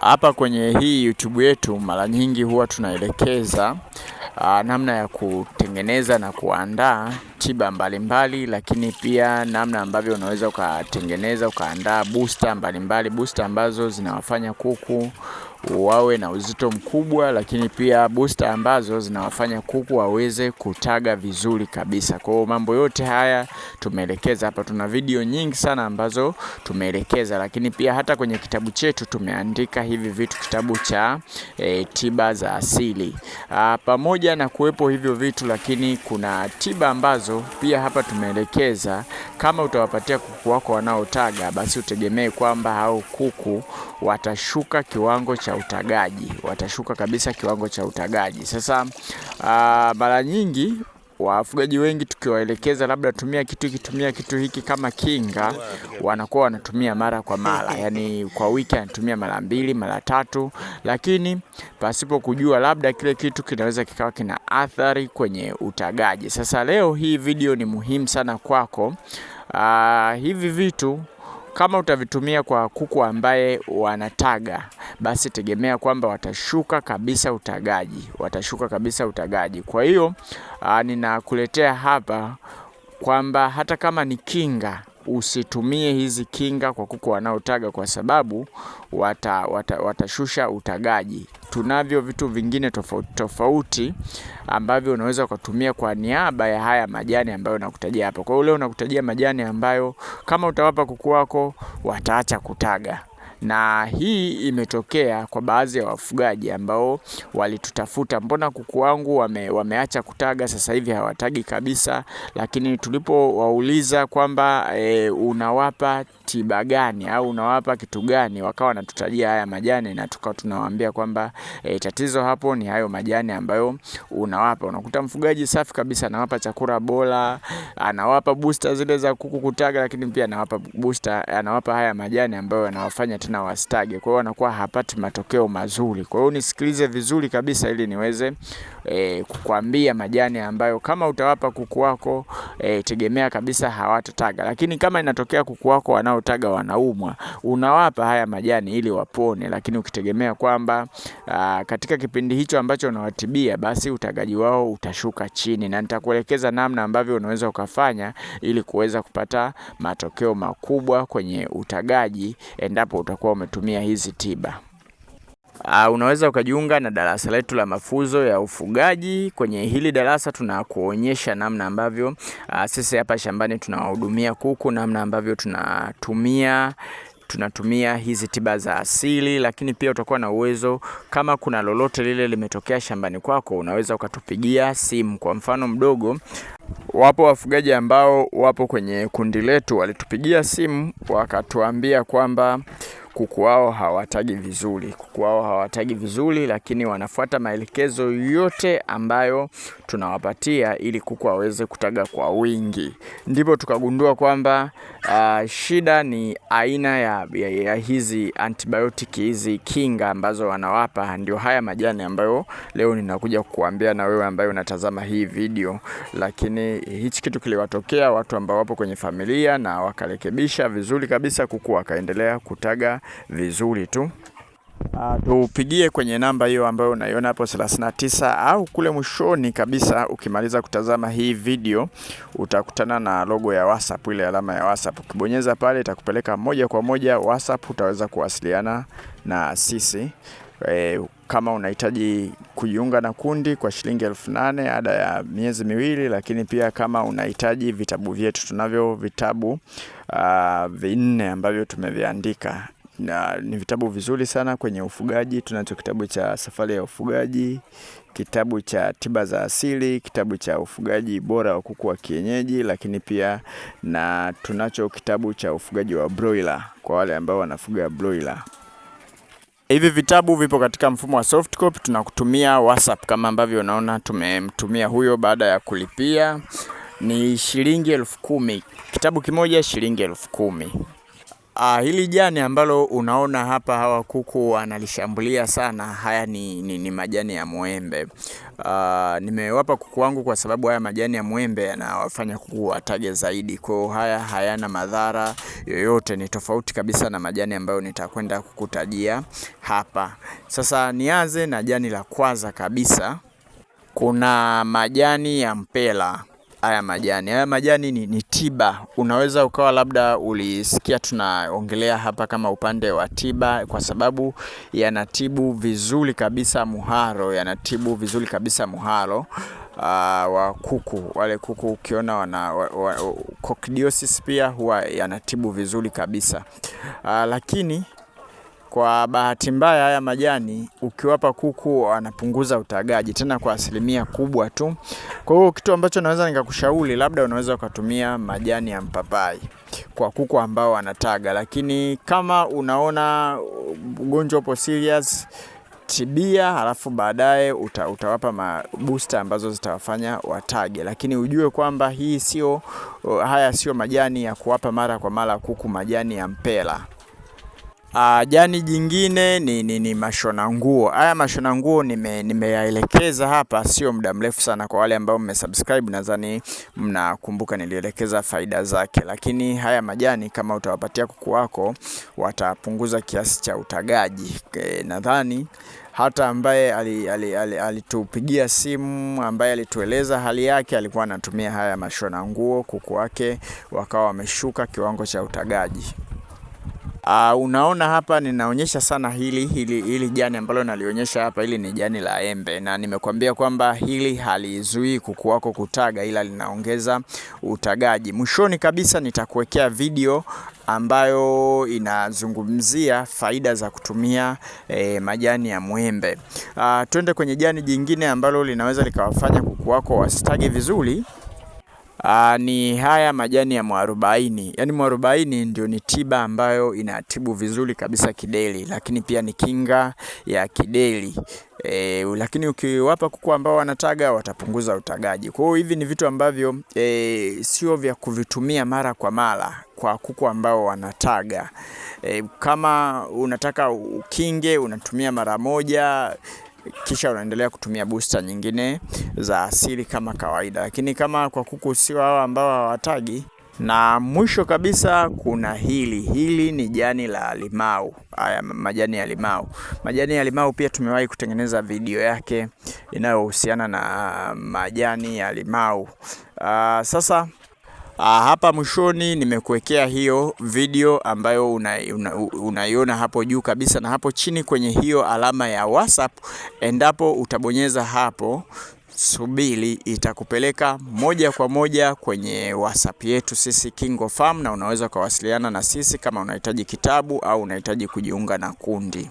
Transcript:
Hapa kwenye hii YouTube yetu mara nyingi huwa tunaelekeza uh, namna ya kutengeneza na kuandaa tiba mbalimbali mbali, lakini pia namna ambavyo unaweza ukatengeneza ukaandaa booster mbalimbali, booster ambazo zinawafanya kuku wawe na uzito mkubwa, lakini pia booster ambazo zinawafanya kuku waweze kutaga vizuri kabisa. Kwa hiyo mambo yote haya tumeelekeza hapa, tuna video nyingi sana ambazo tumeelekeza, lakini pia hata kwenye kitabu chetu tumeandika hivi vitu, kitabu cha e, tiba za asili. A, ah, pamoja na kuwepo hivyo vitu, lakini kuna tiba ambazo pia hapa tumeelekeza kama utawapatia kuku wako wanaotaga, basi utegemee kwamba hao kuku watashuka kiwango cha utagaji, watashuka kabisa kiwango cha utagaji. Sasa ah, mara nyingi wafugaji wengi tukiwaelekeza labda tumia kitu kitumia kitu hiki kama kinga, wanakuwa wanatumia mara kwa mara, yani kwa wiki anatumia mara mbili mara tatu, lakini pasipo kujua labda kile kitu kinaweza kikawa kina athari kwenye utagaji. Sasa leo hii video ni muhimu sana kwako. Aa, ah, hivi vitu kama utavitumia kwa kuku ambaye wanataga basi tegemea kwamba watashuka kabisa utagaji, watashuka kabisa utagaji. Kwa hiyo ah, ninakuletea hapa kwamba hata kama ni kinga usitumie hizi kinga kwa kuku wanaotaga kwa sababu wata, wata, watashusha utagaji. Tunavyo vitu vingine tofauti tofauti ambavyo unaweza ukatumia kwa niaba ya haya majani ambayo nakutajia hapa. Kwa hiyo leo nakutajia majani ambayo kama utawapa kuku wako wataacha kutaga na hii imetokea kwa baadhi ya wafugaji ambao walitutafuta, mbona kuku wangu wame, wameacha kutaga sasa hivi hawatagi kabisa, lakini tulipowauliza kwamba e, unawapa tiba gani au unawapa kitu gani, wakawa wanatutajia haya majani na tukawa tunawaambia kwamba e, tatizo hapo ni hayo majani ambayo unawapa. Unakuta mfugaji safi kabisa anawapa chakula bora, anawapa booster zile za kuku kutaga, lakini pia anawapa booster, anawapa haya majani ambayo yanawafanya tena wastage. Kwa hiyo wanakuwa hapati matokeo mazuri. Kwa hiyo nisikilize vizuri kabisa ili niweze e, eh, kukwambia majani ambayo kama utawapa kuku wako e, tegemea kabisa hawatataga, lakini kama inatokea kuku wako wanaotaga wanaumwa, unawapa haya majani ili wapone, lakini ukitegemea kwamba ah, katika kipindi hicho ambacho unawatibia basi utagaji wao utashuka chini, na nitakuelekeza namna ambavyo unaweza ukafanya ili kuweza kupata matokeo makubwa kwenye utagaji endapo utakuwa umetumia hizi tiba. Uh, unaweza ukajiunga na darasa letu la mafunzo ya ufugaji. Kwenye hili darasa tunakuonyesha namna ambavyo uh, sisi hapa shambani tunawahudumia kuku, namna ambavyo tunatumia tunatumia hizi tiba za asili, lakini pia utakuwa na uwezo kama kuna lolote lile limetokea shambani kwako, unaweza ukatupigia simu. Kwa mfano mdogo Wapo wafugaji ambao wapo kwenye kundi letu walitupigia simu wakatuambia kwamba kuku wao hawatagi vizuri, kuku wao hawatagi vizuri, lakini wanafuata maelekezo yote ambayo tunawapatia ili kuku waweze kutaga kwa wingi. Ndipo tukagundua kwamba uh, shida ni aina ya, ya, ya hizi antibiotic hizi kinga ambazo wanawapa, ndio haya majani ambayo leo ninakuja kukuambia na wewe ambaye unatazama hii video, lakini yani hichi kitu kiliwatokea watu ambao wapo kwenye familia na wakarekebisha vizuri kabisa, kuku wakaendelea kutaga vizuri tu. Uh, tupigie kwenye namba hiyo ambayo unaiona hapo 39 au kule mwishoni kabisa, ukimaliza kutazama hii video utakutana na logo ya WhatsApp, ile alama ya WhatsApp. Ukibonyeza pale itakupeleka moja kwa moja WhatsApp, utaweza kuwasiliana na sisi. E, kama unahitaji kujiunga na kundi kwa shilingi elfu nane ada ya miezi miwili, lakini pia kama unahitaji vitabu vyetu, tunavyo vitabu uh, vinne ambavyo tumeviandika na ni vitabu vizuri sana kwenye ufugaji. Tunacho kitabu cha safari ya ufugaji, kitabu cha tiba za asili, kitabu cha ufugaji bora wa kuku wa kienyeji, lakini pia na tunacho kitabu cha ufugaji wa broiler kwa wale ambao wanafuga broiler. Hivi vitabu vipo katika mfumo wa soft copy, tunakutumia WhatsApp kama ambavyo unaona tumemtumia huyo baada ya kulipia. Ni shilingi elfu kumi. Kitabu kimoja shilingi elfu kumi. Uh, hili jani ambalo unaona hapa hawa kuku wanalishambulia sana, haya ni, ni, ni majani ya mwembe. Uh, nimewapa kuku wangu kwa sababu haya majani ya mwembe yanawafanya kuku watage zaidi. Kwa hiyo haya hayana madhara yoyote, ni tofauti kabisa na majani ambayo nitakwenda kukutajia hapa. Sasa nianze na jani la kwanza kabisa, kuna majani ya mpela haya majani. Haya majani ni, ni tiba. Unaweza ukawa labda ulisikia tunaongelea hapa kama upande wa tiba, kwa sababu yanatibu vizuri kabisa muharo, yanatibu vizuri kabisa muharo Uh, wa kuku wale kuku ukiona wana wa, wa, kokidiosis pia huwa yanatibu vizuri kabisa uh, lakini kwa bahati mbaya, haya majani ukiwapa kuku wanapunguza utagaji tena kwa asilimia kubwa tu. Kwa hiyo kitu ambacho naweza nikakushauri, labda unaweza ukatumia majani ya mpapai kwa kuku ambao wanataga, lakini kama unaona ugonjwa upo serious tibia halafu baadaye uta, utawapa mabusta ambazo zitawafanya watage, lakini ujue kwamba hii sio haya sio majani ya kuwapa mara kwa mara kuku, majani ya mpela. Uh, jani jingine ni, ni, ni mashona nguo. Haya mashona nguo nimeyaelekeza nime hapa sio muda mrefu sana, kwa wale ambao mmesubscribe, nadhani mnakumbuka nilielekeza faida zake. Lakini haya majani kama utawapatia kuku wako watapunguza kiasi cha utagaji nadhani hata ambaye alitupigia ali, ali, ali simu ambaye alitueleza hali yake, alikuwa anatumia haya mashona nguo, kuku wake wakawa wameshuka kiwango cha utagaji. Uh, unaona hapa ninaonyesha sana hili hili hili jani ambalo nalionyesha hapa, hili ni jani la embe, na nimekuambia kwamba hili halizuii kuku wako kutaga, ila linaongeza utagaji. Mwishoni kabisa nitakuwekea video ambayo inazungumzia faida za kutumia e, majani ya mwembe. Uh, twende kwenye jani jingine ambalo linaweza likawafanya kuku wako wasitage vizuri. Aa, ah, ni haya majani ya mwarobaini. Yaani mwarobaini ndio ni tiba ambayo inatibu vizuri kabisa kideli lakini pia ni kinga ya kideli E, lakini ukiwapa kuku ambao wanataga watapunguza utagaji. Kwa hiyo hivi ni vitu ambavyo e, sio vya kuvitumia mara kwa mara kwa kuku ambao wanataga. E, kama unataka ukinge unatumia mara moja kisha unaendelea kutumia booster nyingine za asili kama kawaida, lakini kama kwa kuku sio hao ambao hawatagi na mwisho kabisa kuna hili hili, ni jani la limau. Haya, majani ya limau, majani ya limau pia tumewahi kutengeneza video yake inayohusiana na majani ya limau. Aa, ah, sasa Ah, hapa mwishoni nimekuwekea hiyo video ambayo unaiona una, una hapo juu kabisa na hapo chini kwenye hiyo alama ya WhatsApp, endapo utabonyeza hapo subili itakupeleka moja kwa moja kwenye WhatsApp yetu sisi Farm, na unaweza ukawasiliana na sisi kama unahitaji kitabu au unahitaji kujiunga na kundi.